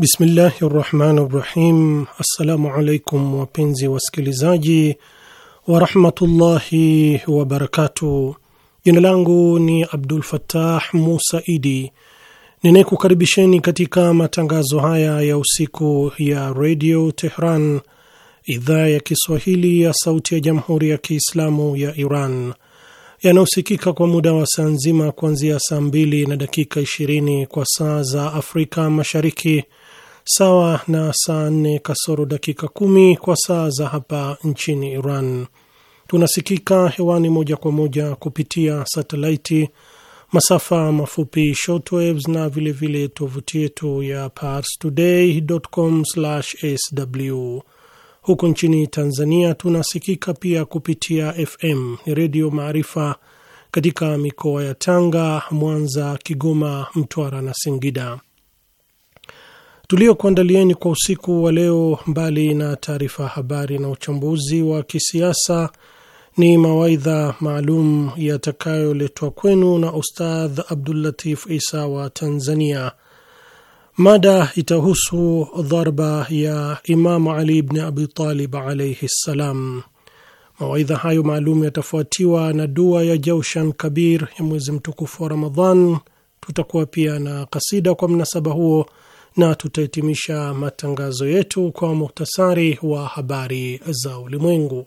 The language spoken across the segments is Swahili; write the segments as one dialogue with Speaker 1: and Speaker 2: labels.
Speaker 1: Bismillahi rahmani rahim. Assalamu alaikum wapenzi wasikilizaji warahmatullahi wabarakatuh. Jina langu ni Abdul fatah Musa Idi ninayekukaribisheni katika matangazo haya ya usiku ya redio Tehran idhaa ya Kiswahili ya sauti ya jamhuri ya Kiislamu ya Iran yanayosikika kwa muda wa saa nzima kuanzia saa mbili na dakika ishirini kwa saa za Afrika Mashariki, sawa na saa nne kasoro dakika kumi kwa saa za hapa nchini Iran. Tunasikika hewani moja kwa moja kupitia satelaiti, masafa mafupi shortwaves na vilevile tovuti yetu ya parstoday.com/sw Huku nchini Tanzania tunasikika pia kupitia FM ni Redio Maarifa katika mikoa ya Tanga, Mwanza, Kigoma, Mtwara na Singida. Tuliokuandalieni kwa usiku wa leo, mbali na taarifa habari na uchambuzi wa kisiasa, ni mawaidha maalum yatakayoletwa kwenu na Ustadh Abdulatif Isa wa Tanzania Mada itahusu dharba ya Imamu Ali bn Abi Talib alaihi ssalam. Mawaidha hayo maalum yatafuatiwa na dua ya Jaushan Kabir ya mwezi mtukufu wa Ramadhan. Tutakuwa pia na kasida kwa mnasaba huo na tutahitimisha matangazo yetu kwa muhtasari wa habari za ulimwengu.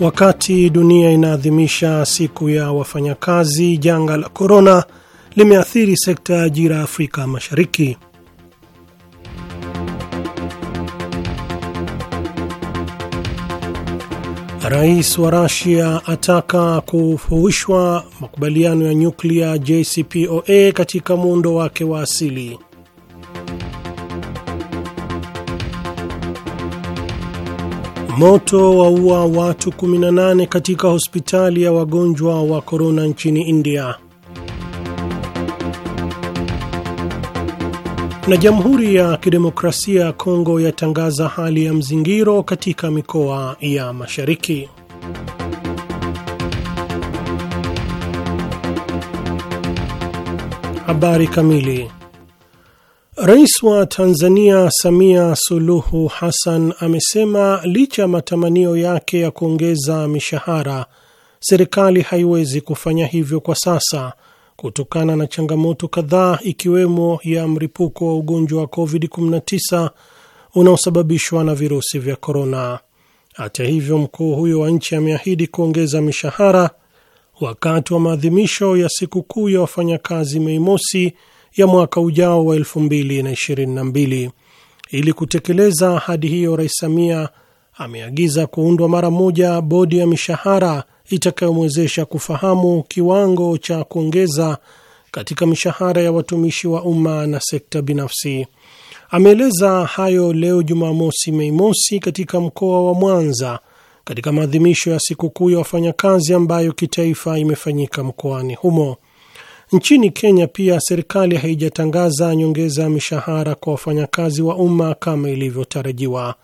Speaker 1: Wakati dunia inaadhimisha siku ya wafanyakazi, janga la korona limeathiri sekta ya ajira Afrika Mashariki. Rais wa Rasia ataka kufuishwa makubaliano ya nyuklia JCPOA katika muundo wake wa asili. Moto waua watu 18 katika hospitali ya wagonjwa wa korona nchini India. Na Jamhuri ya Kidemokrasia ya Kongo yatangaza hali ya mzingiro katika mikoa ya mashariki. Habari kamili. Rais wa Tanzania Samia Suluhu Hassan amesema licha ya matamanio yake ya kuongeza mishahara, serikali haiwezi kufanya hivyo kwa sasa kutokana na changamoto kadhaa ikiwemo ya mlipuko wa ugonjwa wa COVID-19 unaosababishwa na virusi vya korona. Hata hivyo, mkuu huyo wa nchi ameahidi kuongeza mishahara wakati wa maadhimisho ya sikukuu ya wafanyakazi Mei Mosi ya mwaka ujao wa 2022. Ili kutekeleza ahadi hiyo, Rais Samia ameagiza kuundwa mara moja bodi ya mishahara itakayomwezesha kufahamu kiwango cha kuongeza katika mishahara ya watumishi wa umma na sekta binafsi. Ameeleza hayo leo Jumamosi, Mei Mosi, katika mkoa wa Mwanza katika maadhimisho ya sikukuu ya wafanyakazi ambayo kitaifa imefanyika mkoani humo. Nchini Kenya pia serikali haijatangaza nyongeza ya mishahara kwa wafanyakazi wa umma kama ilivyotarajiwa.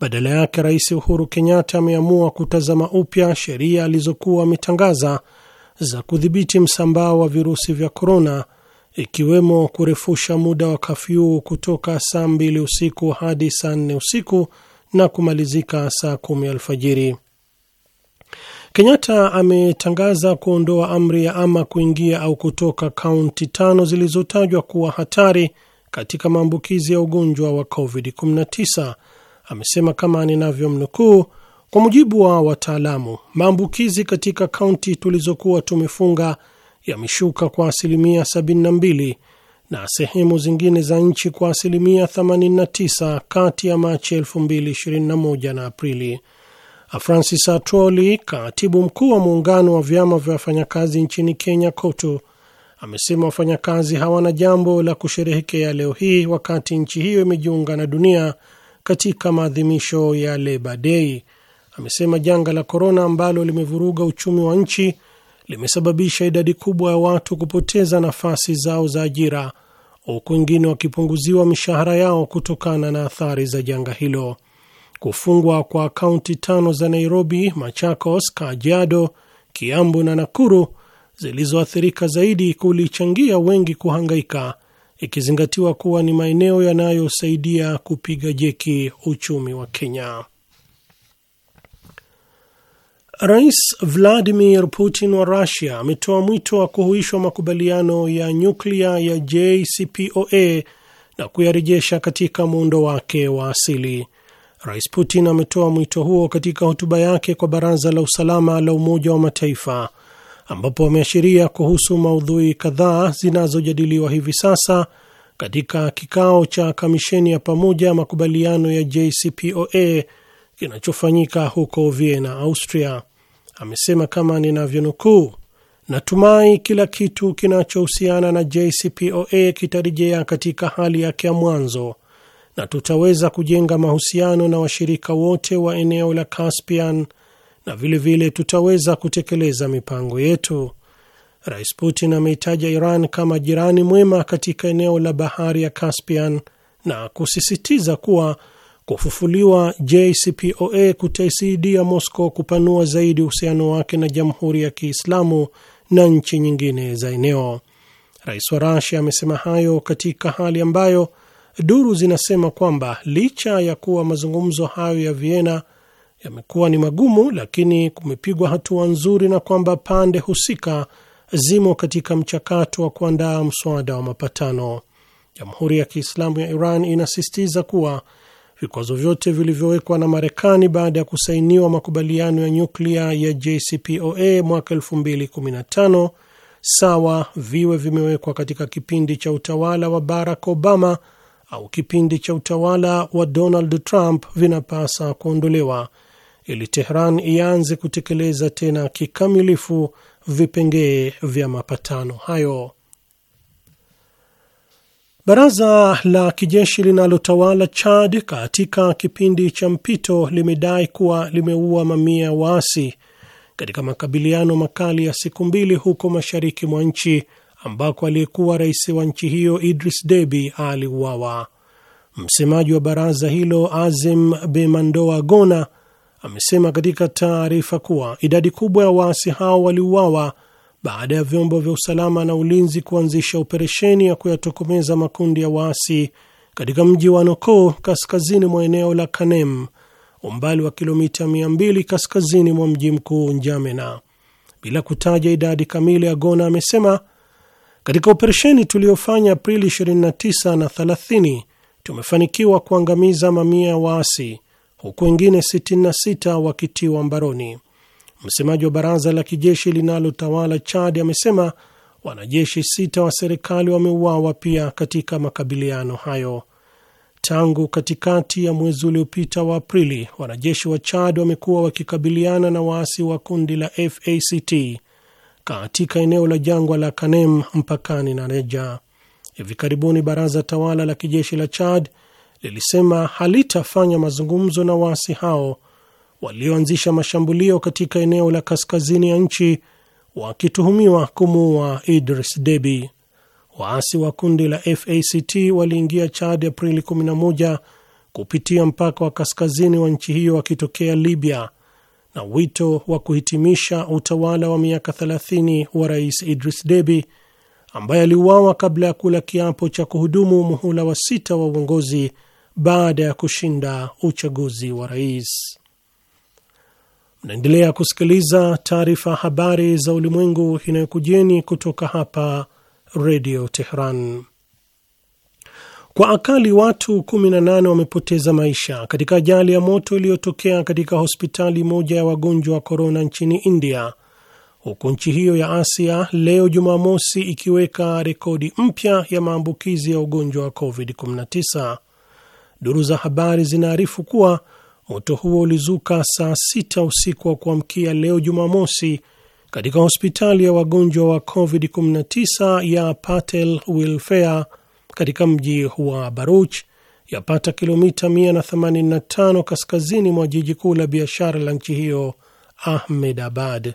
Speaker 1: Badala yake, Rais Uhuru Kenyatta ameamua kutazama upya sheria alizokuwa ametangaza za kudhibiti msambao wa virusi vya korona, ikiwemo kurefusha muda wa kafyu kutoka saa mbili usiku hadi saa nne usiku na kumalizika saa kumi alfajiri. Kenyatta ametangaza kuondoa amri ya ama kuingia au kutoka kaunti tano zilizotajwa kuwa hatari katika maambukizi ya ugonjwa wa COVID-19. Amesema kama ninavyomnukuu, kwa mujibu wa wataalamu, maambukizi katika kaunti tulizokuwa tumefunga yameshuka kwa asilimia 72 na sehemu zingine za nchi kwa asilimia 89 kati ya Machi 2021 na Aprili Francis Atwoli, katibu mkuu wa muungano wa vyama vya wafanyakazi nchini Kenya, KOTU, amesema wafanyakazi hawana jambo la kusherehekea leo hii wakati nchi hiyo imejiunga na dunia katika maadhimisho ya Labour Day. Amesema janga la korona ambalo limevuruga uchumi wa nchi limesababisha idadi kubwa ya watu kupoteza nafasi zao za ajira, huku wengine wakipunguziwa mishahara yao kutokana na athari za janga hilo kufungwa kwa kaunti tano za Nairobi, Machakos, Kajiado, Kiambu na Nakuru zilizoathirika zaidi kulichangia wengi kuhangaika, ikizingatiwa kuwa ni maeneo yanayosaidia kupiga jeki uchumi wa Kenya. Rais Vladimir Putin wa Russia ametoa mwito wa kuhuishwa makubaliano ya nyuklia ya JCPOA na kuyarejesha katika muundo wake wa asili. Rais Putin ametoa mwito huo katika hotuba yake kwa Baraza la Usalama la Umoja wa Mataifa, ambapo ameashiria kuhusu maudhui kadhaa zinazojadiliwa hivi sasa katika kikao cha kamisheni ya pamoja ya makubaliano ya JCPOA kinachofanyika huko Vienna, Austria. Amesema kama ninavyonukuu, natumai kila kitu kinachohusiana na JCPOA kitarejea katika hali yake ya mwanzo na tutaweza kujenga mahusiano na washirika wote wa eneo la Caspian na vilevile vile tutaweza kutekeleza mipango yetu. Rais Putin ameitaja Iran kama jirani mwema katika eneo la bahari ya Caspian na kusisitiza kuwa kufufuliwa JCPOA kutaisaidia Moscow kupanua zaidi uhusiano wake na Jamhuri ya Kiislamu na nchi nyingine za eneo. Rais wa Rasia amesema hayo katika hali ambayo Duru zinasema kwamba licha ya kuwa mazungumzo hayo ya Vienna yamekuwa ni magumu, lakini kumepigwa hatua nzuri na kwamba pande husika zimo katika mchakato wa kuandaa mswada wa mapatano. Jamhuri ya Kiislamu ya Iran inasisitiza kuwa vikwazo vyote vilivyowekwa na Marekani baada ya kusainiwa makubaliano ya nyuklia ya JCPOA mwaka 2015 sawa viwe vimewekwa katika kipindi cha utawala wa Barack Obama au kipindi cha utawala wa Donald Trump vinapasa kuondolewa ili Tehran ianze kutekeleza tena kikamilifu vipengee vya mapatano hayo. Baraza la kijeshi linalotawala Chad katika kipindi cha mpito limedai kuwa limeua mamia ya waasi katika makabiliano makali ya siku mbili huko mashariki mwa nchi ambako aliyekuwa rais wa nchi hiyo Idris Deby aliuawa. Msemaji wa baraza hilo Azim Bemandoa Gona amesema katika taarifa kuwa idadi kubwa ya waasi hao waliuawa baada ya vyombo vya usalama na ulinzi kuanzisha operesheni ya kuyatokomeza makundi ya waasi katika mji wa noko kaskazini mwa eneo la Kanem, umbali wa kilomita 200 kaskazini mwa mji mkuu Njamena. Bila kutaja idadi kamili, Gona amesema katika operesheni tuliyofanya Aprili 29 na 30 tumefanikiwa kuangamiza mamia ya waasi huku wengine 66 wakitiwa mbaroni. Msemaji wa baraza la kijeshi linalotawala Chad amesema wanajeshi sita wa serikali wameuawa pia katika makabiliano hayo. Tangu katikati ya mwezi uliopita wa Aprili, wanajeshi wa Chad wamekuwa wakikabiliana na waasi wa kundi la FACT katika eneo la jangwa la Kanem mpakani na reja Hivi karibuni baraza tawala la kijeshi la Chad lilisema halitafanya mazungumzo na waasi hao walioanzisha mashambulio katika eneo la kaskazini ya nchi wakituhumiwa kumuua Idris Deby. Waasi wa kundi la FACT waliingia Chad Aprili 11 kupitia mpaka wa kaskazini wa nchi hiyo wakitokea Libya na wito wa kuhitimisha utawala wa miaka 30 wa Rais Idris Deby ambaye aliuawa kabla ya kula kiapo cha kuhudumu muhula wa sita wa uongozi baada ya kushinda uchaguzi wa rais. Mnaendelea kusikiliza taarifa habari za ulimwengu inayokujeni kutoka hapa Redio teheran kwa akali watu 18 wamepoteza maisha katika ajali ya moto iliyotokea katika hospitali moja ya wagonjwa wa korona nchini India, huku nchi hiyo ya Asia leo Jumamosi ikiweka rekodi mpya ya maambukizi ya ugonjwa wa COVID-19. Duru za habari zinaarifu kuwa moto huo ulizuka saa sita usiku wa kuamkia leo Jumamosi katika hospitali ya wagonjwa wa COVID-19 ya Patel Welfare katika mji wa Baruch yapata kilomita 185 kaskazini mwa jiji kuu la biashara la nchi hiyo Ahmed Abad.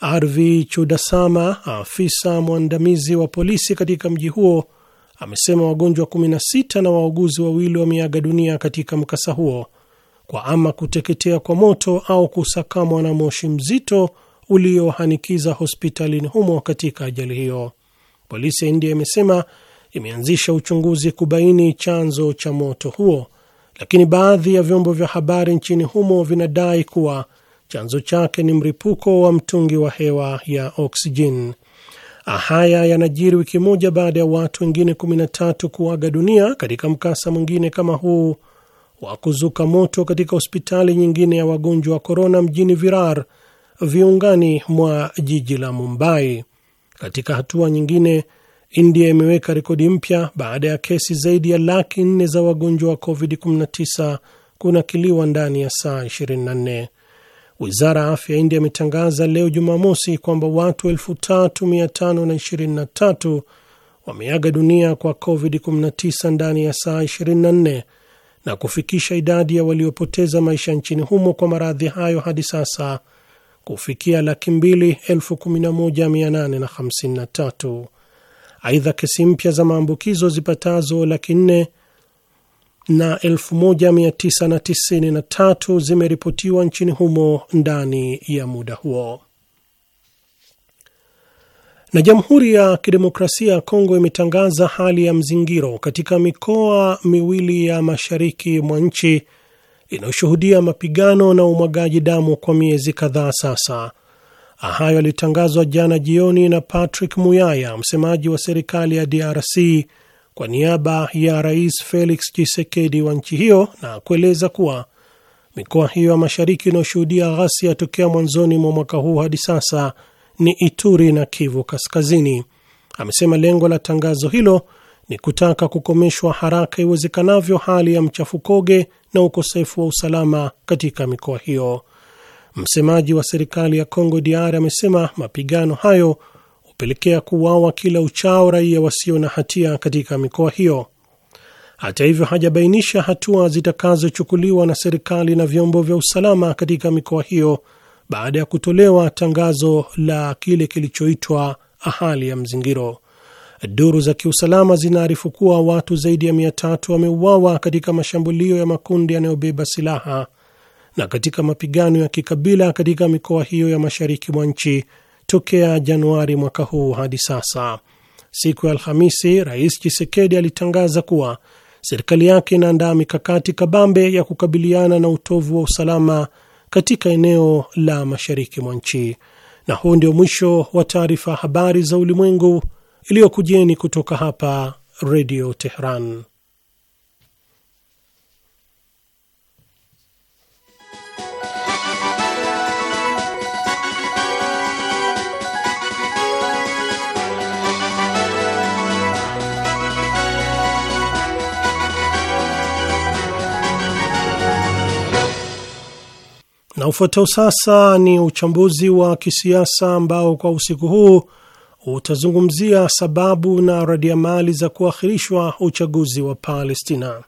Speaker 1: Arvi Chudasama, afisa mwandamizi wa polisi katika mji huo, amesema wagonjwa 16 na wauguzi wawili wameaga dunia katika mkasa huo kwa ama kuteketea kwa moto au kusakamwa na moshi mzito uliohanikiza hospitalini humo katika ajali hiyo. Polisi ya India imesema imeanzisha uchunguzi kubaini chanzo cha moto huo, lakini baadhi ya vyombo vya habari nchini humo vinadai kuwa chanzo chake ni mripuko wa mtungi wa hewa ya oksijeni. Haya yanajiri wiki moja baada ya watu wengine 13 kuaga dunia katika mkasa mwingine kama huu wa kuzuka moto katika hospitali nyingine ya wagonjwa wa korona mjini Virar, viungani mwa jiji la Mumbai. Katika hatua nyingine, India imeweka rekodi mpya baada ya kesi zaidi ya laki nne za wagonjwa wa COVID-19 kunakiliwa ndani ya saa 24. Wizara ya afya ya India imetangaza leo Jumamosi kwamba watu 3523 wameaga dunia kwa COVID-19 ndani ya saa 24 na kufikisha idadi ya waliopoteza maisha nchini humo kwa maradhi hayo hadi sasa kufikia laki mbili elfu kumi na moja mia nane na hamsini na tatu. Aidha, kesi mpya za maambukizo zipatazo laki nne na tatu zimeripotiwa nchini humo ndani ya muda huo. Na Jamhuri ya Kidemokrasia ya Kongo imetangaza hali ya mzingiro katika mikoa miwili ya mashariki mwa nchi inayoshuhudia mapigano na umwagaji damu kwa miezi kadhaa sasa. Hayo yalitangazwa jana jioni na Patrick Muyaya, msemaji wa serikali ya DRC kwa niaba ya Rais Felix Tshisekedi wa nchi hiyo, na kueleza kuwa mikoa hiyo ya mashariki inayoshuhudia ghasia tokea mwanzoni mwa mwaka huu hadi sasa ni Ituri na Kivu Kaskazini. Amesema lengo la tangazo hilo ni kutaka kukomeshwa haraka iwezekanavyo hali ya mchafukoge na ukosefu wa usalama katika mikoa hiyo. Msemaji wa serikali ya congo DR amesema mapigano hayo hupelekea kuuawa kila uchao raia wasio na hatia katika mikoa hiyo. Hata hivyo, hajabainisha hatua zitakazochukuliwa na serikali na vyombo vya usalama katika mikoa hiyo baada ya kutolewa tangazo la kile kilichoitwa hali ya mzingiro. Duru za kiusalama zinaarifu kuwa watu zaidi ya mia tatu wameuawa katika mashambulio ya makundi yanayobeba silaha na katika mapigano ya kikabila katika mikoa hiyo ya mashariki mwa nchi tokea Januari mwaka huu hadi sasa. Siku ya Alhamisi, Rais Chisekedi alitangaza kuwa serikali yake inaandaa mikakati kabambe ya kukabiliana na utovu wa usalama katika eneo la mashariki mwa nchi. Na huu ndio mwisho wa taarifa habari za ulimwengu iliyokujeni kutoka hapa Redio Tehran. Na ufuatao sasa ni uchambuzi wa kisiasa ambao kwa usiku huu utazungumzia sababu na radiamali za kuahirishwa uchaguzi wa Palestina.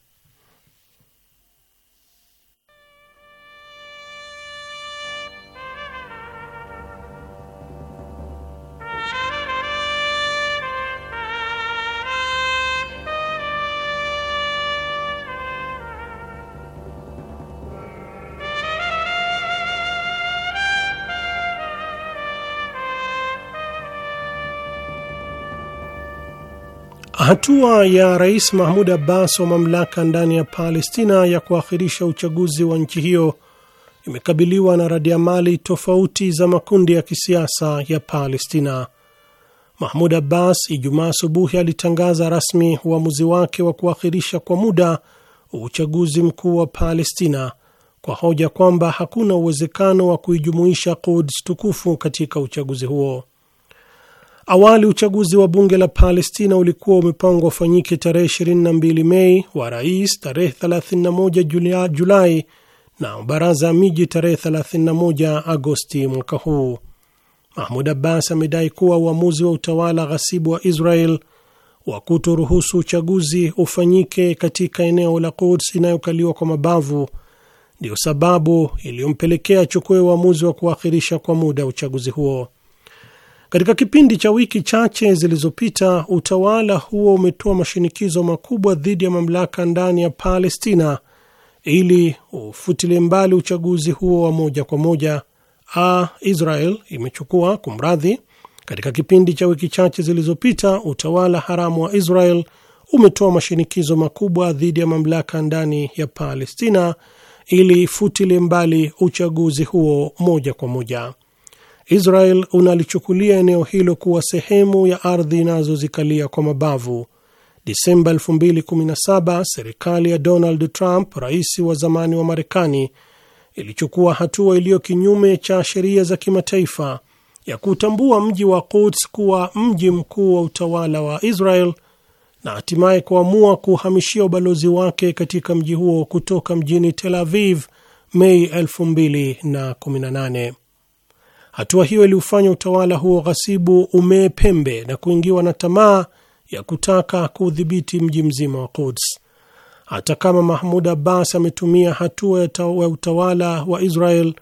Speaker 1: Hatua ya Rais Mahmud Abbas wa mamlaka ndani ya Palestina ya kuakhirisha uchaguzi wa nchi hiyo imekabiliwa na radiamali tofauti za makundi ya kisiasa ya Palestina. Mahmud Abbas Ijumaa asubuhi alitangaza rasmi uamuzi wake wa kuakhirisha kwa muda uchaguzi mkuu wa Palestina kwa hoja kwamba hakuna uwezekano wa kuijumuisha Quds tukufu katika uchaguzi huo. Awali uchaguzi wa bunge la Palestina ulikuwa umepangwa ufanyike tarehe 22 Mei, wa rais tarehe 31 Julai na baraza ya miji tarehe 31 Agosti mwaka huu. Mahmud Abbas amedai kuwa uamuzi wa utawala ghasibu wa Israel wa kutoruhusu uchaguzi ufanyike katika eneo la Quds inayokaliwa kwa mabavu ndiyo sababu iliyompelekea achukue uamuzi wa kuakhirisha kwa muda uchaguzi huo. Katika kipindi cha wiki chache zilizopita, utawala huo umetoa mashinikizo makubwa dhidi ya mamlaka ndani ya Palestina ili ufutile mbali uchaguzi huo wa moja kwa moja. A, Israel imechukua kumradhi, katika kipindi cha wiki chache zilizopita, utawala haramu wa Israel umetoa mashinikizo makubwa dhidi ya mamlaka ndani ya Palestina ili ifutile mbali uchaguzi huo moja kwa moja. Israel unalichukulia eneo hilo kuwa sehemu ya ardhi inazozikalia kwa mabavu. Disemba 2017 serikali ya Donald Trump, rais wa zamani wa Marekani, ilichukua hatua iliyo kinyume cha sheria za kimataifa ya kutambua mji wa Quds kuwa mji mkuu wa utawala wa Israel na hatimaye kuamua kuhamishia ubalozi wake katika mji huo kutoka mjini Tel Aviv Mei 2018. Hatua hiyo iliufanya utawala huo ghasibu umee pembe na kuingiwa na tamaa ya kutaka kuudhibiti mji mzima wa Quds. Hata kama Mahmud Abbas ametumia hatua ya utawala wa Israel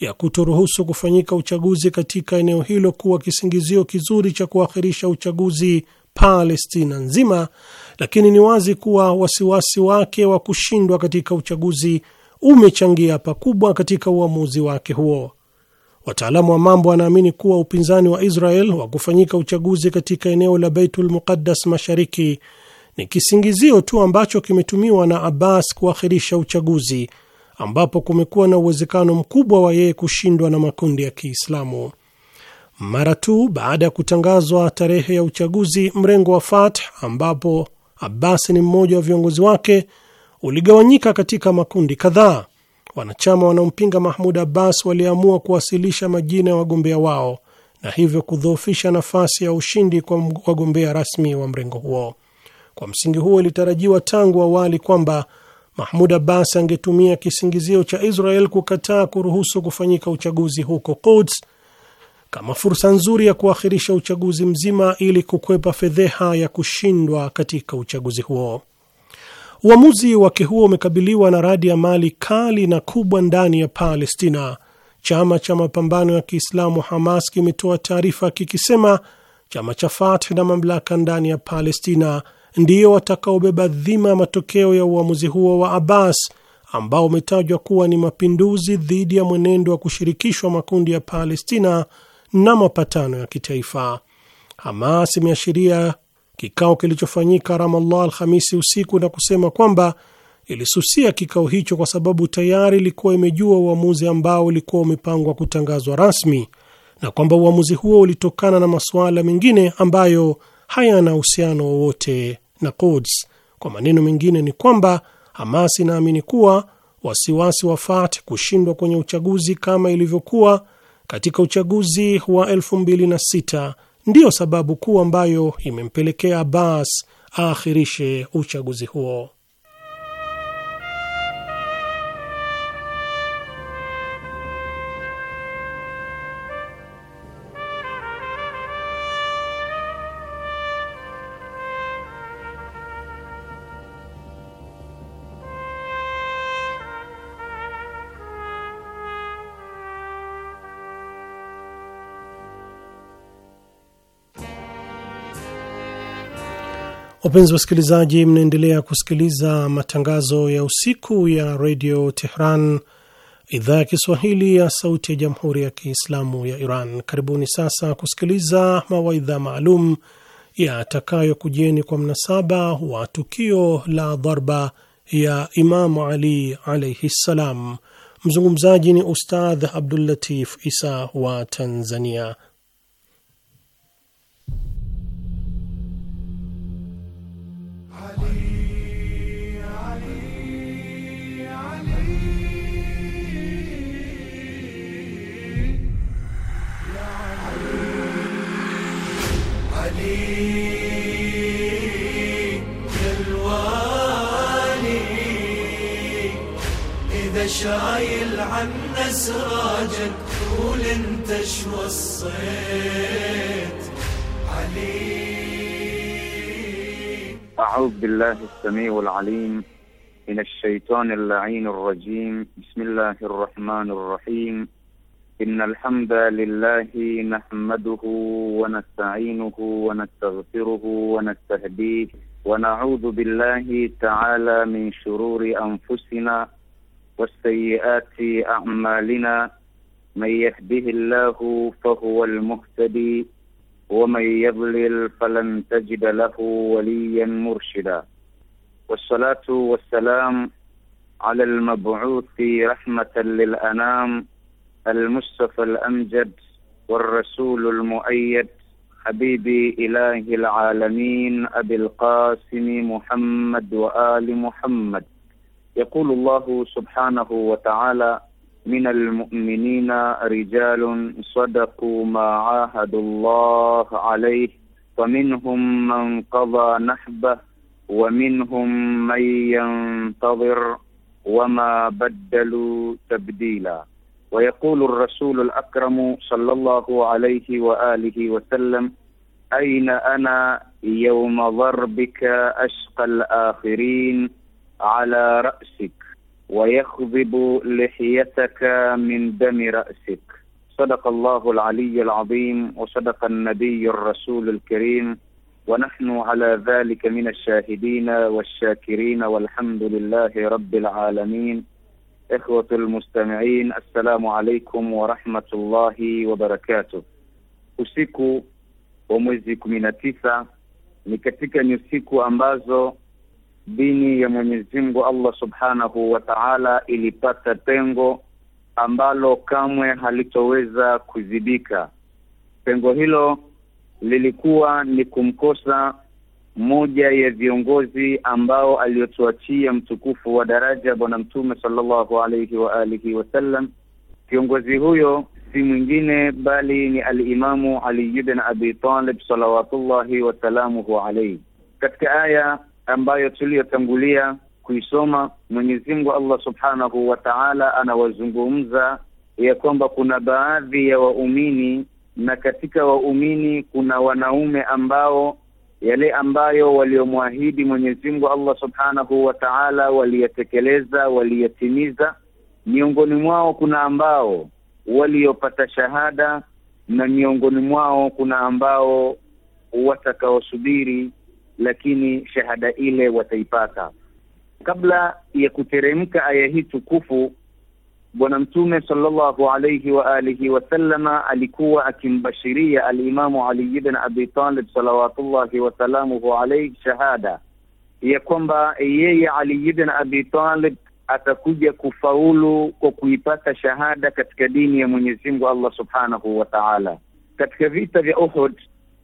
Speaker 1: ya kutoruhusu kufanyika uchaguzi katika eneo hilo kuwa kisingizio kizuri cha kuakhirisha uchaguzi Palestina nzima, lakini ni wazi kuwa wasiwasi wake wa kushindwa katika uchaguzi umechangia pakubwa katika uamuzi wake huo. Wataalamu wa mambo wanaamini kuwa upinzani wa Israel wa kufanyika uchaguzi katika eneo la Baitul Muqaddas mashariki ni kisingizio tu ambacho kimetumiwa na Abbas kuakhirisha uchaguzi, ambapo kumekuwa na uwezekano mkubwa wa yeye kushindwa na makundi ya Kiislamu. Mara tu baada ya kutangazwa tarehe ya uchaguzi, mrengo wa Fatah, ambapo Abbas ni mmoja wa viongozi wake, uligawanyika katika makundi kadhaa Wanachama wanaompinga Mahmud Abbas waliamua kuwasilisha majina ya wagombea wao na hivyo kudhoofisha nafasi ya ushindi kwa wagombea rasmi wa mrengo huo. Kwa msingi huo, ilitarajiwa tangu awali kwamba Mahmud Abbas angetumia kisingizio cha Israel kukataa kuruhusu kufanyika uchaguzi huko Quds kama fursa nzuri ya kuakhirisha uchaguzi mzima ili kukwepa fedheha ya kushindwa katika uchaguzi huo. Uamuzi wake huo umekabiliwa na radi ya mali kali na kubwa ndani ya Palestina. Chama cha mapambano ya Kiislamu Hamas kimetoa taarifa kikisema chama cha Fatah na mamlaka ndani ya Palestina ndiyo watakaobeba dhima ya matokeo ya uamuzi huo wa Abbas ambao umetajwa kuwa ni mapinduzi dhidi ya mwenendo wa kushirikishwa makundi ya Palestina na mapatano ya kitaifa. Hamas imeashiria kikao kilichofanyika Ramallah Alhamisi usiku na kusema kwamba ilisusia kikao hicho kwa sababu tayari ilikuwa imejua uamuzi ambao ulikuwa umepangwa kutangazwa rasmi na kwamba uamuzi huo ulitokana na masuala mengine ambayo hayana uhusiano wowote na Quds. Kwa maneno mengine ni kwamba Hamas inaamini kuwa wasiwasi wa Fatah kushindwa kwenye uchaguzi kama ilivyokuwa katika uchaguzi wa 2006 ndiyo sababu kuu ambayo imempelekea Abbas aakhirishe uchaguzi huo. Wapenzi wasikilizaji, mnaendelea kusikiliza matangazo ya usiku ya redio Tehran, idhaa ya Kiswahili ya sauti ya jamhuri ya Kiislamu ya Iran. Karibuni sasa kusikiliza mawaidha maalum yatakayokujieni kwa mnasaba wa tukio la dharba ya Imamu Ali alaihi ssalam. Mzungumzaji ni Ustadh Abdul Latif Isa wa Tanzania.
Speaker 2: شايل عنا سراجا قول انت شو الصيت علي
Speaker 3: أعوذ بالله السميع العليم من الشيطان اللعين الرجيم بسم الله الرحمن الرحيم إن الحمد لله نحمده ونستعينه ونستغفره ونستهديه ونعوذ بالله تعالى من شرور أنفسنا وسيئات أعمالنا من يهده الله فهو المهتدي ومن يضلل فلن تجد له وليا مرشدا والصلاة والسلام على المبعوث رحمة للأنام المصطفى الأمجد والرسول المؤيد حبيبي إله العالمين أبي القاسم محمد وآل محمد يقول الله سبحانه وتعالى من المؤمنين رجال صدقوا ما عاهدوا الله عليه فمنهم من قضى نحبه ومنهم من ينتظر وما بدلوا تبديلا ويقول الرسول الاكرم صلى الله عليه واله وسلم اين انا يوم ضربك اشقى الاخرين على رأسك ويخضب لحيتك من دم رأسك صدق الله العلي العظيم وصدق النبي الرسول الكريم ونحن على ذلك من الشاهدين والشاكرين والحمد لله رب العالمين إخوة المستمعين السلام عليكم ورحمة الله وبركاته أسيكو ومزيكو من kumi na tisa ni dini ya Mwenyezi Mungu Allah Subhanahu wa Ta'ala ilipata pengo ambalo kamwe halitoweza kuzibika. Pengo hilo lilikuwa ni kumkosa mmoja ya viongozi ambao aliyotuachia mtukufu wa daraja bwana mtume sallallahu alayhi wa alihi wasallam. Kiongozi huyo si mwingine bali ni alimamu Ali ibn Abi Talib salawatullahi wasalamuhu alayhi. Katika aya ambayo tuliyotangulia kuisoma, Mwenyezi Mungu Allah Subhanahu wa Ta'ala anawazungumza ya kwamba kuna baadhi ya waumini, na katika waumini kuna wanaume ambao yale ambayo waliomwahidi Mwenyezi Mungu Allah Subhanahu wa Ta'ala waliyatekeleza, waliyatimiza. Miongoni mwao kuna ambao waliopata shahada na miongoni mwao kuna ambao watakaosubiri lakini shahada ile wataipata. Kabla ya kuteremka aya hii tukufu, Bwana Mtume sallallahu alayhi wa alihi wasallama alikuwa akimbashiria alimamu Ali ibn Abi Talib salawatullahi wasalamuhu alayhi shahada ya kwamba yeye Ali ibn Abi Talib atakuja kufaulu kwa kuipata shahada katika dini ya Mwenyezi Mungu Allah Subhanahu wa Ta'ala. Katika vita vya Uhud,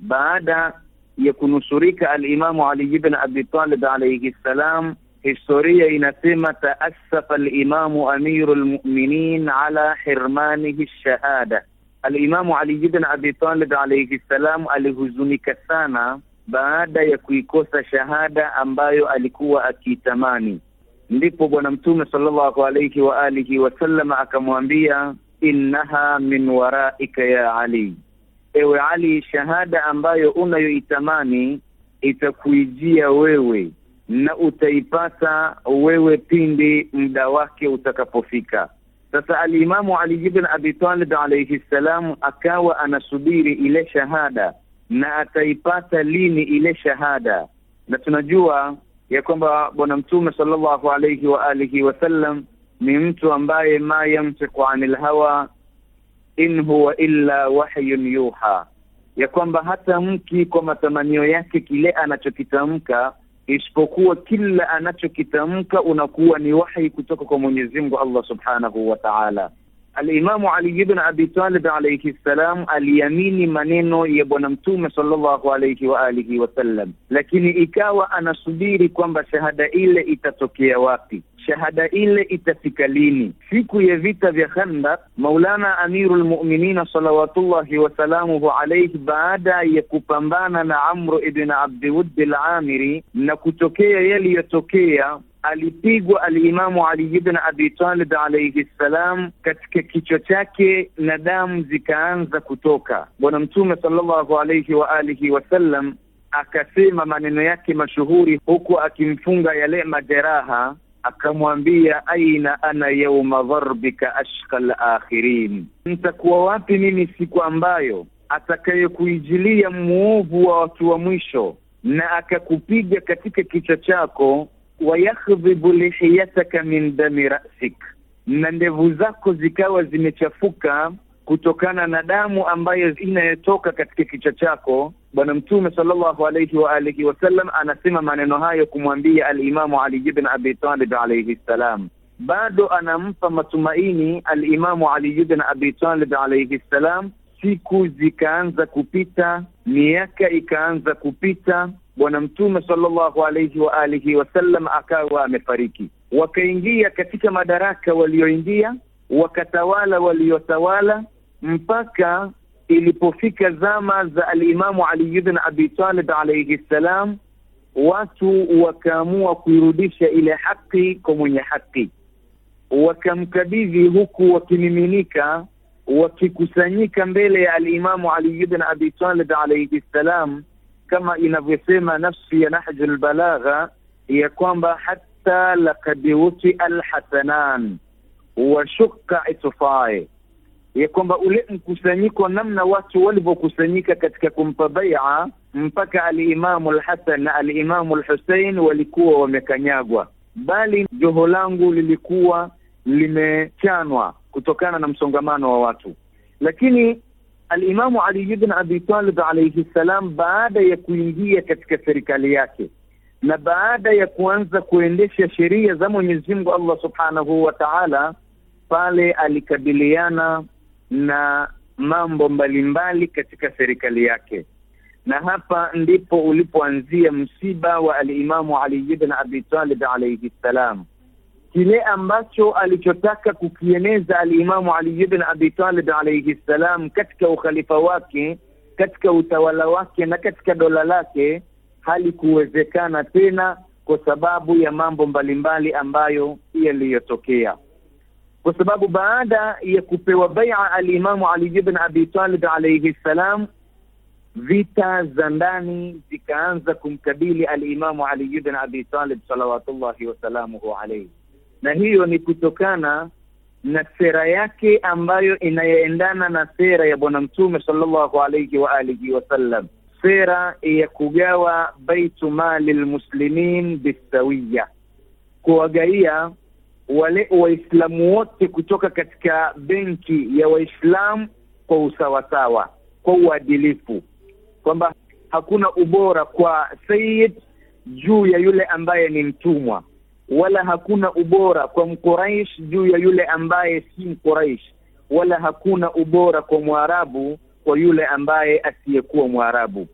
Speaker 3: baada ya kunusurika alimamu Ali ibn Abi Talib alayhi salam, historia inasema taasafa alimamu amiru lmuminin ala hirmanihi shahada. Alimamu Ali ibn Abi Talib alayhi salam alihuzunika sana baada ya kuikosa shahada ambayo alikuwa akiitamani. Ndipo Bwana Mtume sallallahu alayhi wa alihi wasallam akamwambia, innaha min waraika ya Ali ewe Ali, shahada ambayo unayoitamani itakuijia wewe na utaipata wewe pindi muda wake utakapofika. Sasa alimamu Ali ibn Abi Talib alayhi salam akawa anasubiri ile shahada, na ataipata lini ile shahada? Na tunajua ya kwamba Bwana Mtume sallallahu alayhi wa alihi wasallam ni mtu ambaye ma yamtiqu anil hawa in huwa illa wahyun yuha, ya kwamba hata mki kwa matamanio yake kile anachokitamka isipokuwa kila anachokitamka unakuwa ni wahi kutoka kwa Mwenyezi Mungu Allah Subhanahu wa Ta'ala. Alimamu Ali ibn Abi Talib alayhi salam aliamini maneno ya Bwana Mtume sallallahu alayhi wa alihi wasallam, lakini ikawa anasubiri kwamba shahada ile itatokea wapi shahada ile itafika lini? Siku ya vita vya Khandaq, Maulana amiru lmuminina salawatullahi wasalamuhu alaihi baada ya kupambana na Amru ibn Abdiwuddi lamiri na kutokea yaliyotokea alipigwa alimamu Ali ibn Abi Talib alayhi salam katika kichwa chake na damu zikaanza kutoka. Bwana Mtume sallallahu alayhi wa alihi wasallam akasema maneno yake mashuhuri, huku akimfunga yale majeraha akamwambia aina ana yauma dharbika ashqa lakhirin, nitakuwa wapi mimi siku ambayo atakayekuijilia mwovu wa watu wa mwisho na akakupiga katika kichwa chako, wayakhdhibu lihiyataka min dami rasik, na ndevu zako zikawa zimechafuka kutokana na damu ambayo inayotoka katika kichwa chako. Bwana Mtume sallallahu alaihi wa alihi wasallam anasema maneno hayo kumwambia Alimamu Ali ibn Abi Talib alaihi salam. Bado anampa matumaini Alimamu Ali ibn Abi Talib alaihi ssalam Siku zikaanza kupita, miaka ikaanza kupita, Bwana Mtume sallallahu alaihi wa alihi wasallam akawa amefariki. Wakaingia katika madaraka walioingia, wakatawala waliotawala mpaka ilipofika zama za alimamu Ali ibn Abi Talib alayhi salam, watu wakaamua kuirudisha ile haki kwa mwenye haki, wakamkabidhi huku wakimiminika, wakikusanyika mbele ya alimamu Ali ibn Abi Talib alayhi salam, kama inavyosema nafsi ya Nahjul Balagha ya kwamba hata lakad wutia lhasanan wa shuka itfae ya kwamba ule mkusanyiko, namna watu walivyokusanyika katika kumpa baia mpaka alimamu lhasan na alimamu lhusein walikuwa wamekanyagwa, bali joho langu lilikuwa limechanwa kutokana na msongamano wa watu. Lakini alimamu Ali ibn Abi Talib alaihi ssalam, baada ya kuingia katika serikali yake na baada ya kuanza kuendesha sheria za Mwenyezi Mungu Allah subhanahu wa taala, pale alikabiliana na mambo mbalimbali katika serikali yake, na hapa ndipo ulipoanzia msiba wa alimamu Ali ibn Abi Talib alayhi salam. Kile ambacho alichotaka kukieneza alimamu Ali ibn Abi Talib alayhi salam katika ukhalifa wake, katika utawala wake na katika dola lake halikuwezekana tena, kwa sababu ya mambo mbalimbali ambayo yaliyotokea kwa sababu baada ya kupewa baia alimamu Ali ibn Abi Talib alayhi salam, vita za ndani zikaanza kumkabili alimamu Ali ibn Abi Talib salawatullahi wasalamuhu alaihi, na hiyo ni kutokana na sera yake ambayo inayoendana na sera ya Bwana Mtume sallallahu alayhi wa alihi wasallam, sera ya kugawa baitu mali lmuslimin bisawiya, kuwagaia wale Waislamu wote kutoka katika benki ya Waislamu kwa usawasawa, kwa uadilifu, kwamba hakuna ubora kwa Sayyid juu ya yule ambaye ni mtumwa, wala hakuna ubora kwa Mquraish juu ya yule ambaye si Mquraish, wala hakuna ubora kwa Mwarabu kwa yule ambaye asiyekuwa Mwarabu.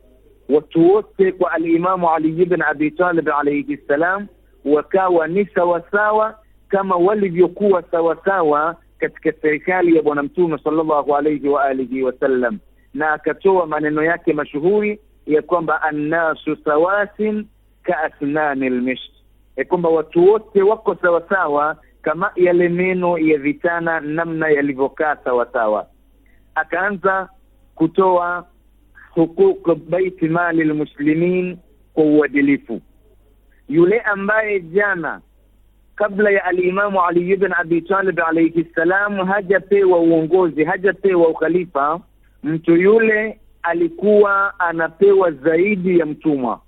Speaker 3: Watu wote kwa Alimamu Ali ibn Abi Talib alayhi salam wakawa ni sawasawa kama walivyokuwa sawasawa katika serikali ya Bwana Mtume sallallahu alaihi wa alihi wasallam, na akatoa maneno yake mashuhuri ya kwamba annasu sawasin kaasnani lmish, ya kwamba watu wote wako sawasawa kama yale meno ya vitana namna yalivyokaa sawasawa. Akaanza kutoa huquq baiti mali lmuslimin kwa uadilifu. Yule ambaye jana kabla ya alimamu Ali ibn Abi Talib alayhi salam hajapewa uongozi, hajapewa ukhalifa, mtu yule alikuwa anapewa zaidi ya mtumwa.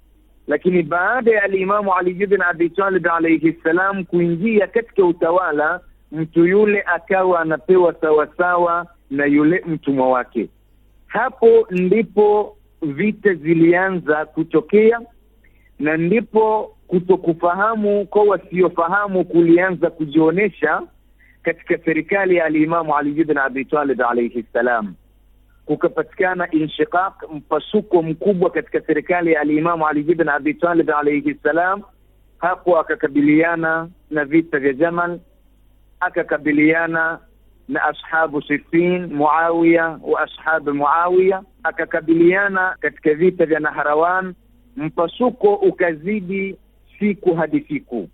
Speaker 3: Lakini baada ya alimamu Ali ibn Abi Talib alayhi salam kuingia katika utawala, mtu yule akawa anapewa sawasawa na yule mtumwa wake. Hapo ndipo vita zilianza kutokea na ndipo kutokufahamu kwa wasiofahamu kulianza kujionyesha katika serikali ya alimamu Ali ibn Abi Talib alayhi salam, kukapatikana inshiqaq, mpasuko mkubwa katika serikali ya alimamu Ali ibn Abi Talib alayhi salam. Hapo akakabiliana na vita vya Jamal, akakabiliana na ashabu Siffin, Muawiya wa ashabu Muawiya, akakabiliana katika vita vya Naharawan. Mpasuko ukazidi siku hadi siku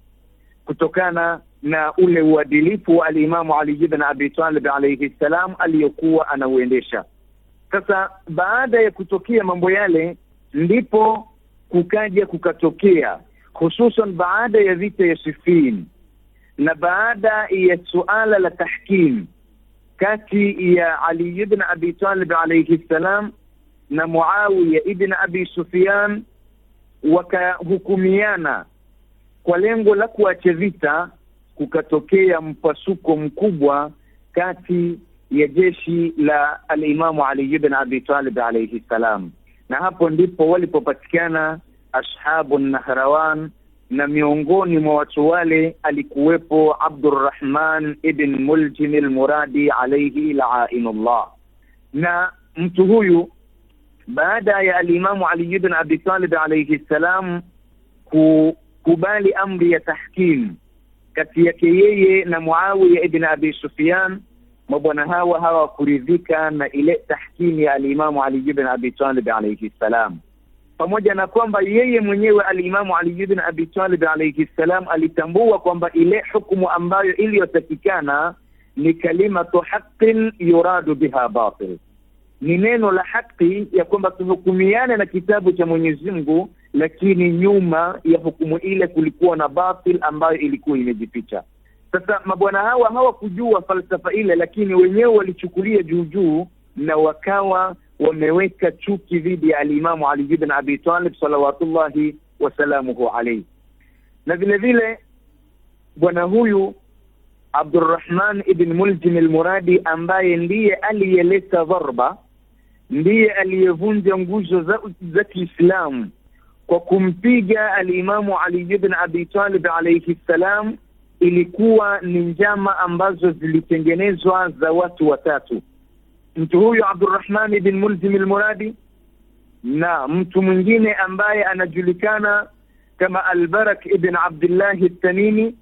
Speaker 3: kutokana na ule uadilifu wa alimamu Ali ibn Abi Talib alayhi salam aliyokuwa anauendesha. Sasa baada ya kutokea mambo yale, ndipo kukaja kukatokea, hususan baada ya vita ya Siffin na baada ya suala la tahkim kati ya Ali ibn Abi Talib alayhi salam na Muawiya ibn Abi Sufyan, wakahukumiana kwa lengo la kuachevita, kukatokea mpasuko mkubwa kati ya jeshi la alimamu Ali ibn Abi Talib alayhi salam, na hapo ndipo walipopatikana ashabu Nahrawan, na miongoni mwa watu wale alikuwepo Abdurrahman ibn Muljim al-Muradi alayhi la'inullah. Na mtu huyu baada ya alimamu Ali ibn Abi Talib alayhi salam ku kubali amri ya tahkim kati yake yeye na Muawiya ibn Abi Sufyan. Mabwana hawa hawakuridhika na ile tahkimu ya alimamu Ali ibn Abi Talib alayhi salam, pamoja na kwamba yeye mwenyewe alimamu Ali ibn Abi Talib alayhi salam alitambua kwamba ile hukumu ambayo iliyotakikana ni kalimatu haqqin yuradu biha batil, ni neno la haki ya kwamba tuhukumiane na kitabu cha Mwenyezi Mungu lakini nyuma ya hukumu ile kulikuwa na batil ambayo ilikuwa imejificha. Sasa mabwana hawa hawakujua falsafa ile, lakini wenyewe walichukulia juu juu na wakawa wameweka chuki dhidi ya alimamu Ali ibn Abi Talib salawatullahi wasalamuhu alaihi. Na vile vile bwana huyu Abdurrahman ibn Muljim almuradi ambaye ndiye aliyeleta dharba, ndiye aliyevunja nguzo za, za Kiislamu kwa kumpiga alimamu Ali ibn Abi Talib alayhi ssalam ilikuwa ni njama ambazo zilitengenezwa za watu watatu, mtu huyu Abdurrahman bin Mulzim al-Muradi na mtu mwingine ambaye anajulikana kama Albarak ibn Abdillahi Tanimi,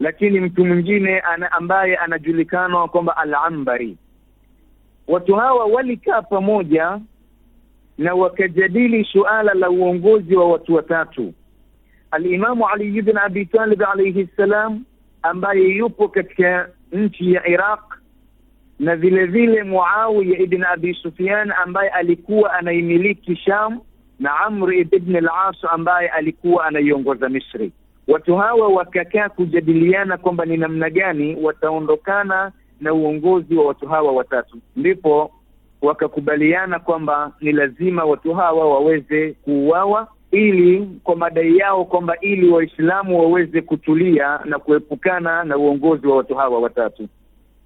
Speaker 3: lakini mtu mwingine ambaye anajulikana kwamba Al-Ambari. Watu hawa walikaa pamoja na wakajadili suala la uongozi wa watu watatu. Alimamu Ali ibn Abi Talib alayhi ssalam ambaye yupo katika nchi ya Iraq, na vile vile Muawiya ibn Abi Sufyan ambaye alikuwa anaimiliki Sham, na Amr ibn al-As ambaye alikuwa anaiongoza Misri. Watu hawa wakakaa kujadiliana kwamba ni namna gani wataondokana na uongozi wa watu hawa watatu, ndipo wakakubaliana kwamba ni lazima watu hawa waweze kuuawa ili kwa madai yao kwamba ili Waislamu waweze kutulia na kuepukana na uongozi wa watu hawa watatu.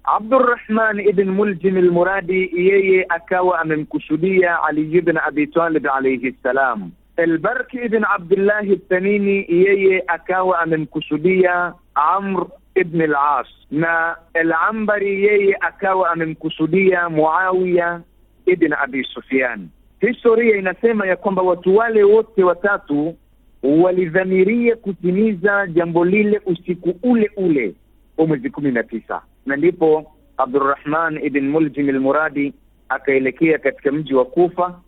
Speaker 3: Abdurrahman ibn Muljim al-Muradi yeye akawa amemkusudia Ali ibn Abi Talib alayhi salam. Albarki ibn Abdullah al-Tanini yeye akawa amemkusudia Amr ibn al-As, na al-Ambari yeye akawa amemkusudia Muawiya ibn Abi Sufyan. Historia inasema ya kwamba watu wale wote watatu walidhamiria kutimiza jambo lile usiku ule ule wa mwezi kumi na tisa, na ndipo Abdurrahman ibn Muljim al-Muradi akaelekea katika mji wa Kufa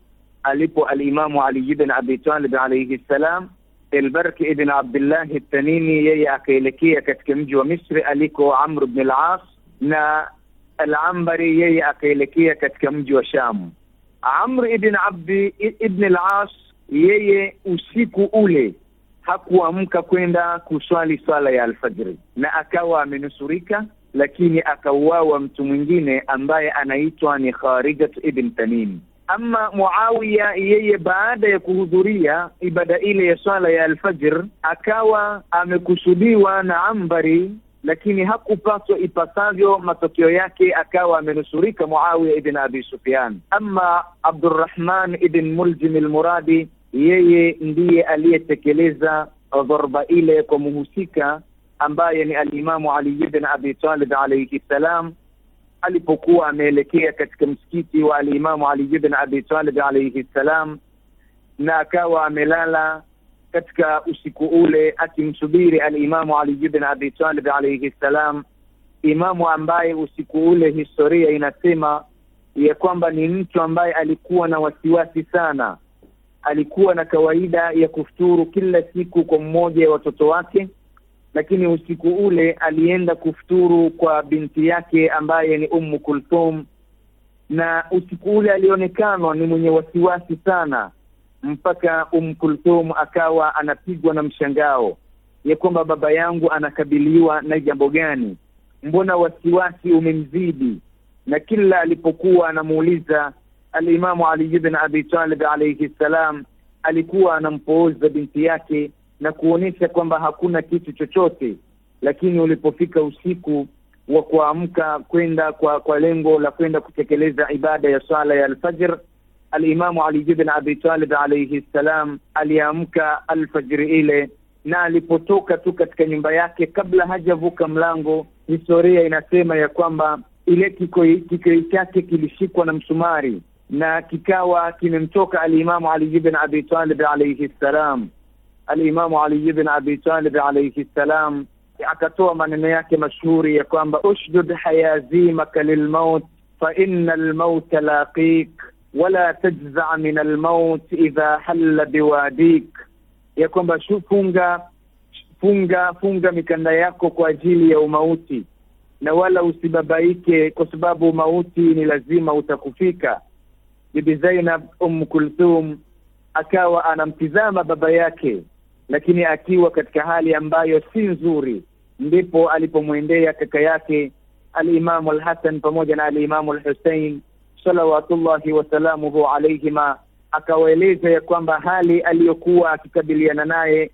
Speaker 3: alipo alimamu Ali ibn Abi Talib alayhi salam Elbarki ابن Abdillahi Tanini, yeye akaelekea katika mji wa Misri aliko Amr ibn al-As, na al-Ambari yeye akaelekea katika mji wa Shamu. Amr ibn Abdi ibn al ule hakuamka kwenda kuswali swala ya alfajiri, na akawa amenusurika, lakini akauawa mtu mwingine ambaye anaitwa ni Kharijat ibn Tanim. Ama Muawiya yeye baada ya kuhudhuria ibada ile ya swala ya alfajr akawa amekusudiwa na ambari lakini hakupaswa ipasavyo, matokeo yake akawa amenusurika Muawiya ibn Abi Sufyan. Ama Abdurrahman ibn Muljim al-Muradi, yeye ndiye aliyetekeleza dhorba ile kwa muhusika ambaye ni alimamu Ali ibn Abi Talib alayhi salam alipokuwa ameelekea katika msikiti wa alimamu Ali ibn Abi Talib alayhi ssalam, na akawa amelala katika usiku ule akimsubiri alimamu Ali ibn Abi Talib alayhi ssalam, imamu ambaye usiku ule historia inasema ya kwamba ni mtu ambaye alikuwa na wasiwasi sana. Alikuwa na kawaida ya kufuturu kila siku kwa mmoja ya watoto wake lakini usiku ule alienda kufuturu kwa binti yake ambaye ni Ummu Kulthum, na usiku ule alionekanwa ni mwenye wasiwasi sana, mpaka Ummu Kulthum akawa anapigwa na mshangao ya kwamba baba yangu anakabiliwa na jambo gani? Mbona wasiwasi umemzidi? Na kila alipokuwa anamuuliza Alimamu Ali ibn Abi Talib alayhi salam alikuwa anampooza binti yake na kuonyesha kwamba hakuna kitu chochote, lakini ulipofika usiku wa kuamka kwenda kwa kwa lengo la kwenda kutekeleza ibada ya swala ya alfajr, Alimamu Ali bin Abi Talib alayhi ssalam aliamka alfajiri ile, na alipotoka tu katika nyumba yake, kabla hajavuka mlango, historia inasema ya kwamba ile kikoi chake kilishikwa na msumari na kikawa kimemtoka Alimamu Ali bin Abi Talib alayhi ssalam alimamu Ali ibn Abi Talib alayhi salam, akatoa maneno yake mashuhuri ya kwamba ushdud hayazimaka lilmaut fa inna almauta laqik wala tajza min almaut idha halla biwadik, ya kwamba funga funga funga mikanda yako kwa ajili ya umauti na wala usibabaike, kwa sababu mauti ni lazima utakufika. Bibi Zainab Umm Kulthum akawa anamtizama baba yake lakini akiwa katika hali ambayo si nzuri, ndipo alipomwendea kaka yake Alimamu Alhasan pamoja na Alimamu Alhusein salawatullahi wasalamuhu alaihima, akawaeleza ya kwamba hali aliyokuwa akikabiliana naye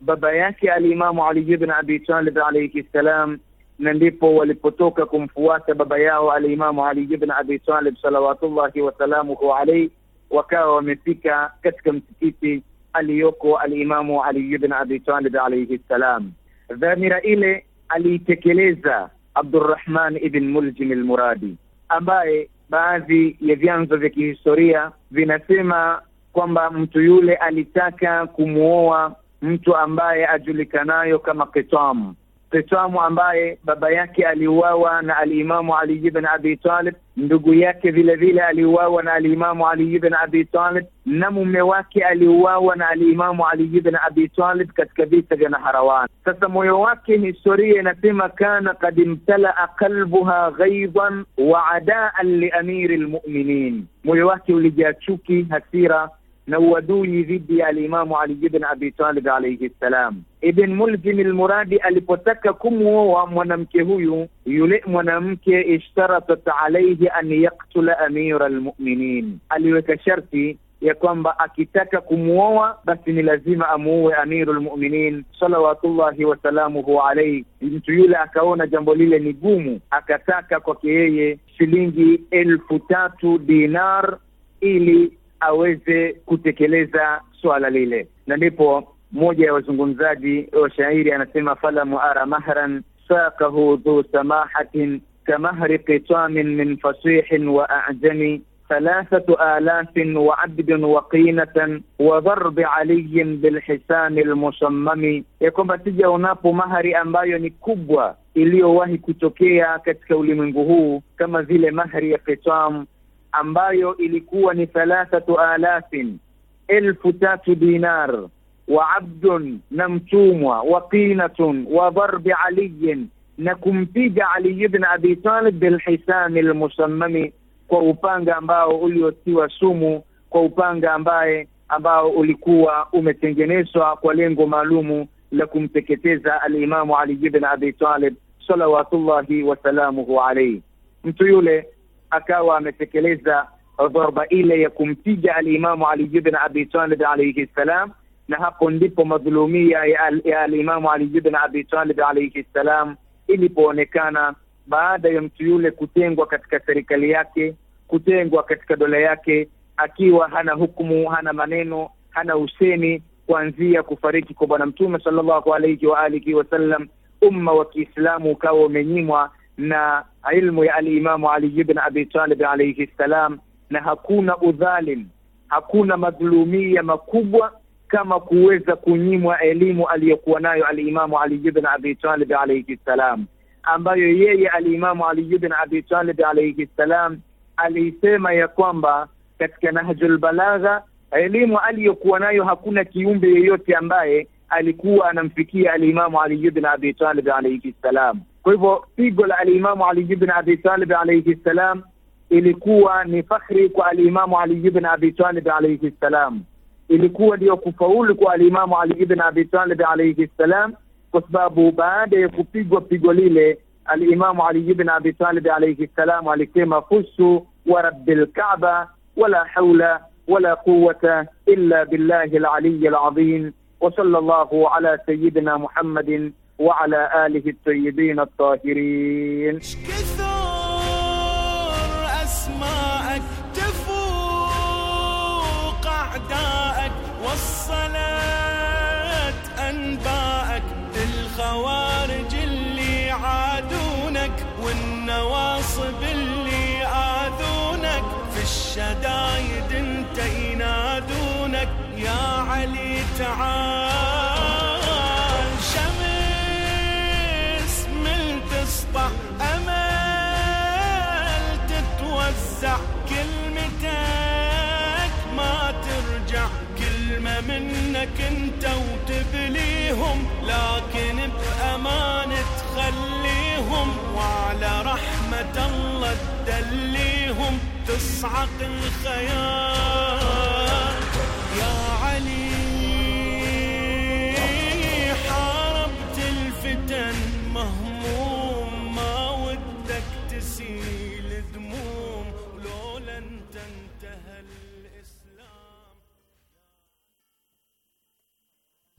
Speaker 3: baba yake Alimamu Ali ibn Abi Talib alaihi ssalam, na ndipo walipotoka kumfuata baba yao Alimamu Ali ibn Abi Talib salawatullahi wasalamuhu alaihi, wakawa wamefika katika msikiti aliyoko alimamu Ali ibn Abi Talib alayhi salam. Dhamira ile aliitekeleza Abdurrahman ibn Muljim al-Muradi, ambaye baadhi ya vyanzo vya kihistoria vinasema kwamba mtu yule alitaka kumwoa mtu ambaye ajulikanayo kama Kitam Tetamu ambaye baba yake aliuawa na alimamu Ali ibn Abi Talib, ndugu yake vile vile aliuawa na alimamu Ali ibn Abi Talib, na mume wake aliuawa na alimamu Ali ibn Abi Talib katika vita vya Naharawan. Sasa moyo wake, historia inasema kana kad imtalaa qalbuha ghaidan wa adaan amiri lmuminin, moyo wake ulijaa chuki, hasira na uadui dhidi ya alimamu Ali ibn Abi Talib alayhi salam. Ibn Mulzim al alipotaka kumwoa mwanamke huyu, yule mwanamke ishtaratat alayhi an yaktula amira almu'minin, aliweka sharti ya kwamba akitaka kumwoa basi ni lazima amuue amiru lmuminin salawatullahi wasalamuhu alaihi. Mtu yule akaona jambo lile ni gumu, akataka kwake yeye shilingi elfu tatu dinar ili aweze kutekeleza swala lile, na ndipo mmoja ya wazungumzaji wa shairi anasema, fala muara mahran saqahu dhu samahatin kamahri tamin min fasihin wa ajami ثلاثة آلاف وعبد وقينة وضرب علي بالحسام المصمم ya kwamba tija unapo mahari ambayo ni kubwa iliyowahi kutokea katika ulimwengu huu kama vile mahari ya Qitam ambayo ilikuwa ni thalathatu alafin elfu tatu dinar wa abdun na mtumwa wa qinatun wa dharbi aliyin na kumpiga Ali ibn Abi Talib bilhisami lmusammami kwa upanga ambao uliotiwa sumu kwa upanga ambaye ambao ulikuwa umetengenezwa kwa lengo maalumu la kumteketeza alimamu Ali ibn Abi Talib salawatullahi wasalamuhu alaihi. Mtu yule akawa ametekeleza dharba ile ya kumpiga alimamu Ali ibn Abi Talib alayhi salam, na hapo ndipo madhulumia ya alimamu Ali ibn Abi Talib alayhi salam ilipoonekana baada ya mtu yule kutengwa katika serikali yake, kutengwa katika dola yake, akiwa hana hukumu, hana maneno, hana usemi, kuanzia kufariki kwa Bwana Mtume sallallahu alayhi wa alihi wasallam, umma wa Kiislamu ukawa umenyimwa na ilmu ya alimamu Ali ibn Abi Talib alayhi salam, na hakuna udhalim, hakuna madhulumia makubwa kama kuweza kunyimwa elimu aliyokuwa nayo alimamu Ali ibn Abi Talib alayhi salam, ambayo yeye alimamu Ali ibn Abi Talib alayhi salam alisema ya kwamba katika Nahjul Balagha elimu aliyokuwa nayo hakuna kiumbe yeyote ambaye alikuwa anamfikia alimamu Ali ibn Abi Talib alayhi salam. Kwa hivyo pigo la alimamu Ali ibn Abi Talib alayhi salam ilikuwa ni fakhri kwa alimamu Ali ibn Abi Talib alayhi salam, ilikuwa ndiyo kufaulu kwa alimamu Ali ibn Abi Talib alayhi salam, kwa sababu baada ya kupigwa pigo lile alimamu Ali ibn Abi Talib alayhi salam alisema fusu wa rabbil Kaaba wala haula wala quwwata illa billahi al-aliyyil azim wa sallallahu ala sayyidina Muhammadin وعلى آله الطيبين الطاهرين كثر
Speaker 2: أسماءك تفوق أعدائك وصلت أنباءك الخوارج اللي عادونك والنواصب اللي آذونك في الشدايد انت ينادونك يا علي تعال أصبح أمل تتوزع كلمتك ما ترجع كلمة منك انت وتبليهم لكن بأمانة تخليهم وعلى رحمة الله تدليهم تصعق الخيال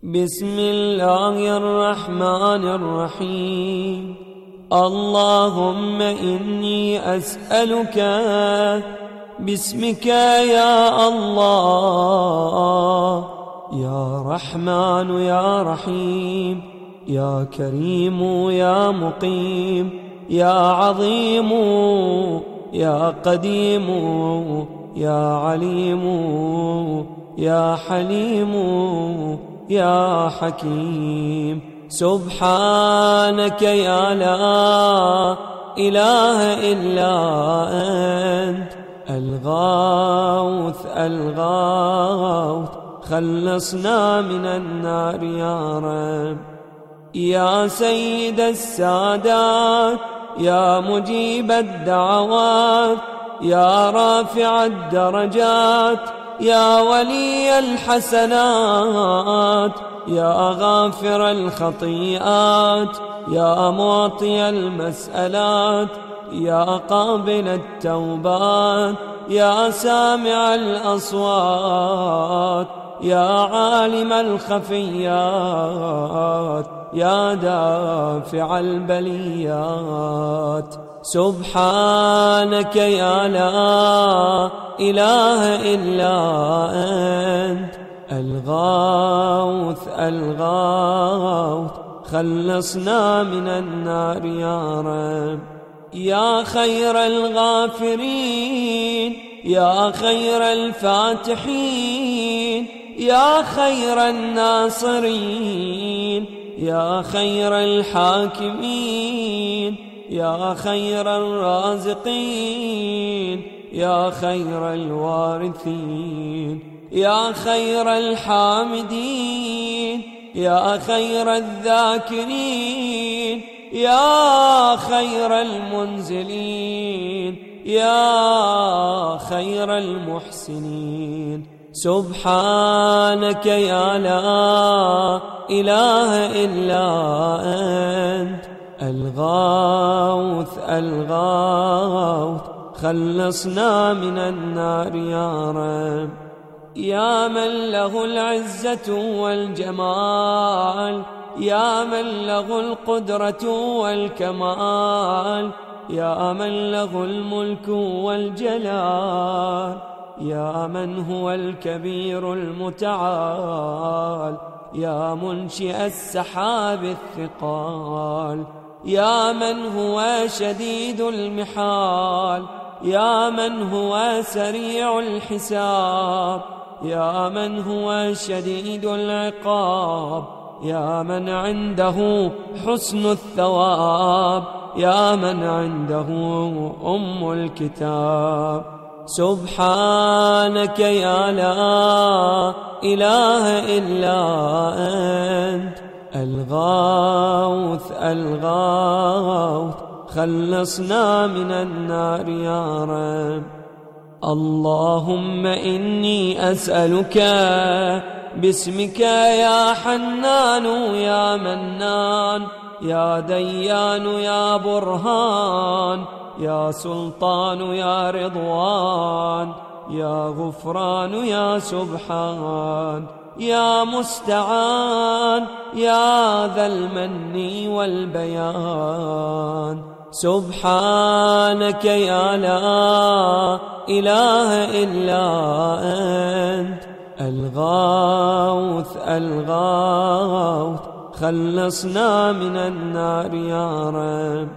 Speaker 4: بسم الله الرحمن الرحيم اللهم إني أسألك باسمك يا الله يا رحمن يا رحيم يا كريم يا مقيم يا عظيم يا قديم يا عليم يا حليم يا حكيم سبحانك يا لا إله إلا أنت الغوث الغوث خلصنا من النار يا رب يا سيد السادات يا مجيب الدعوات يا رافع الدرجات يا ولي الحسنات يا غافر الخطيئات يا معطي المسألات يا قابل التوبات يا سامع الأصوات يا عالم الخفيات يا دافع البليات سبحانك يا لا إله إلا أنت الغوث الغوث خلصنا من النار يا رب يا خير الغافرين يا خير الفاتحين يا خير الناصرين يا خير الحاكمين يا خير الرازقين يا خير الوارثين يا خير الحامدين يا خير الذاكرين يا خير المنزلين يا خير المحسنين سبحانك يا لا إله إلا أنت الغاوث الغاوث خلصنا من النار يا رب يا من له العزة والجمال يا من له القدرة والكمال يا من له الملك والجلال يا من هو الكبير المتعال يا منشئ السحاب الثقال يا من هو شديد المحال يا من هو سريع الحساب يا من هو شديد العقاب يا من عنده حسن الثواب يا من عنده أم الكتاب سبحانك يا لا إله إلا أنت الغاوث الغاوث خلصنا من النار يا رب اللهم إني أسألك باسمك يا حنان يا منان يا ديان يا برهان يا سلطان يا رضوان يا غفران يا سبحان يا مستعان يا ذا المن والبيان سبحانك يا لا إله إلا أنت الغاوث الغاوث خلصنا من النار يا رب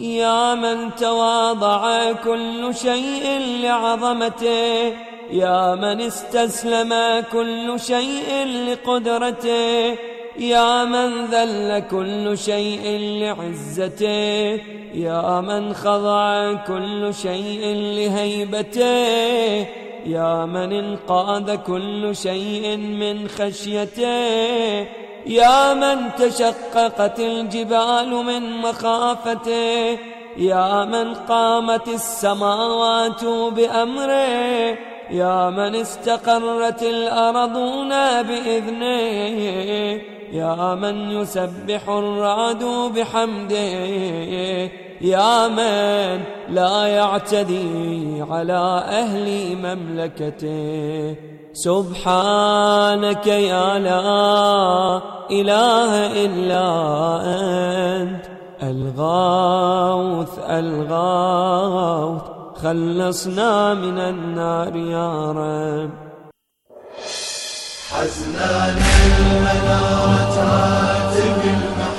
Speaker 4: يا من تواضع كل شيء لعظمته يا من استسلم كل شيء لقدرته يا من ذل كل شيء لعزته يا من خضع كل شيء لهيبته يا من انقاذ كل شيء من خشيته يا من تشققت الجبال من مخافته يا من قامت السماوات بأمره يا من استقرت الأرضون بإذنه يا من يسبح الرعد بحمده يا من لا يعتدي على أهل مملكته سبحانك يا لا إله إلا أنت الغاوث الغاوث خلصنا من النار يا رب حزنا المنارة تاتي المحر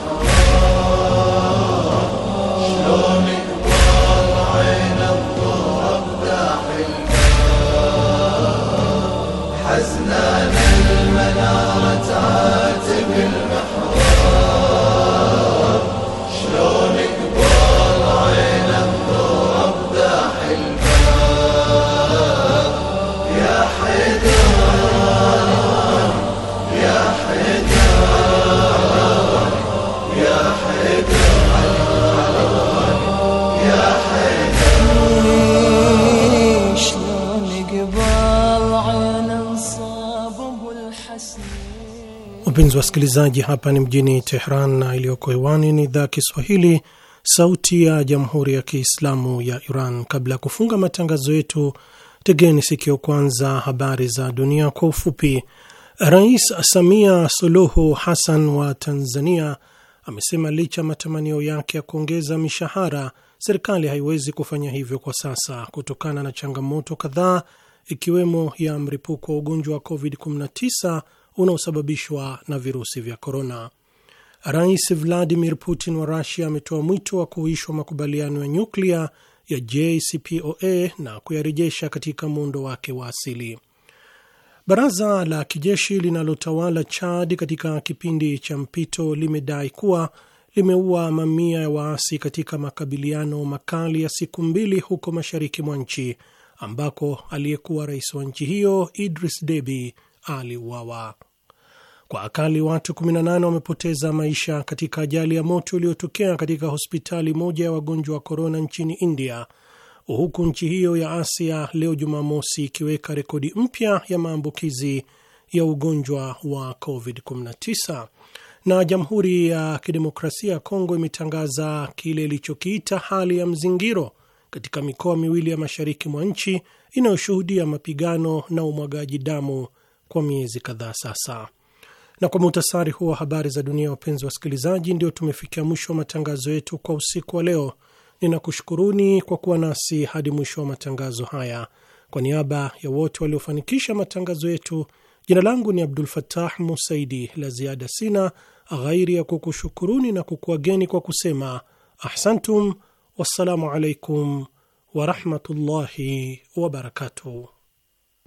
Speaker 1: wasikilizaji, hapa ni mjini Tehran na iliyoko hewani ni idhaa Kiswahili sauti ya jamhuri ya Kiislamu ya Iran. Kabla ya kufunga matangazo yetu, tegeni sikio kwanza habari za dunia kwa ufupi. Rais Samia Suluhu Hassan wa Tanzania amesema licha matamanio yake ya kuongeza mishahara, serikali haiwezi kufanya hivyo kwa sasa kutokana na changamoto kadhaa ikiwemo ya mripuko wa ugonjwa wa COVID-19 unaosababishwa na virusi vya korona. Rais Vladimir Putin wa Rusia ametoa mwito wa kuhuishwa makubaliano ya nyuklia ya JCPOA na kuyarejesha katika muundo wake wa asili. Baraza la kijeshi linalotawala Chad katika kipindi cha mpito limedai kuwa limeua mamia ya waasi katika makabiliano makali ya siku mbili huko mashariki mwa nchi ambako aliyekuwa rais wa nchi hiyo Idris Deby aliuawa. Kwa akali watu 18 wamepoteza maisha katika ajali ya moto iliyotokea katika hospitali moja ya wagonjwa wa korona nchini India, huku nchi hiyo ya Asia leo Jumamosi ikiweka rekodi mpya ya maambukizi ya ugonjwa wa COVID-19. Na Jamhuri ya Kidemokrasia ya Kongo imetangaza kile ilichokiita hali ya mzingiro katika mikoa miwili ya mashariki mwa nchi inayoshuhudia mapigano na umwagaji damu kwa miezi kadhaa sasa. Na kwa muhtasari huo habari za dunia, wapenzi wa wasikilizaji, ndio tumefikia mwisho wa matangazo yetu kwa usiku wa leo. Ninakushukuruni kwa kuwa nasi hadi mwisho wa matangazo haya. Kwa niaba ya wote waliofanikisha matangazo yetu, jina langu ni Abdul fatah Musaidi. La ziada sina ghairi ya kukushukuruni na kukuageni kwa kusema ahsantum, wassalamu alaikum warahmatullahi wabarakatuh.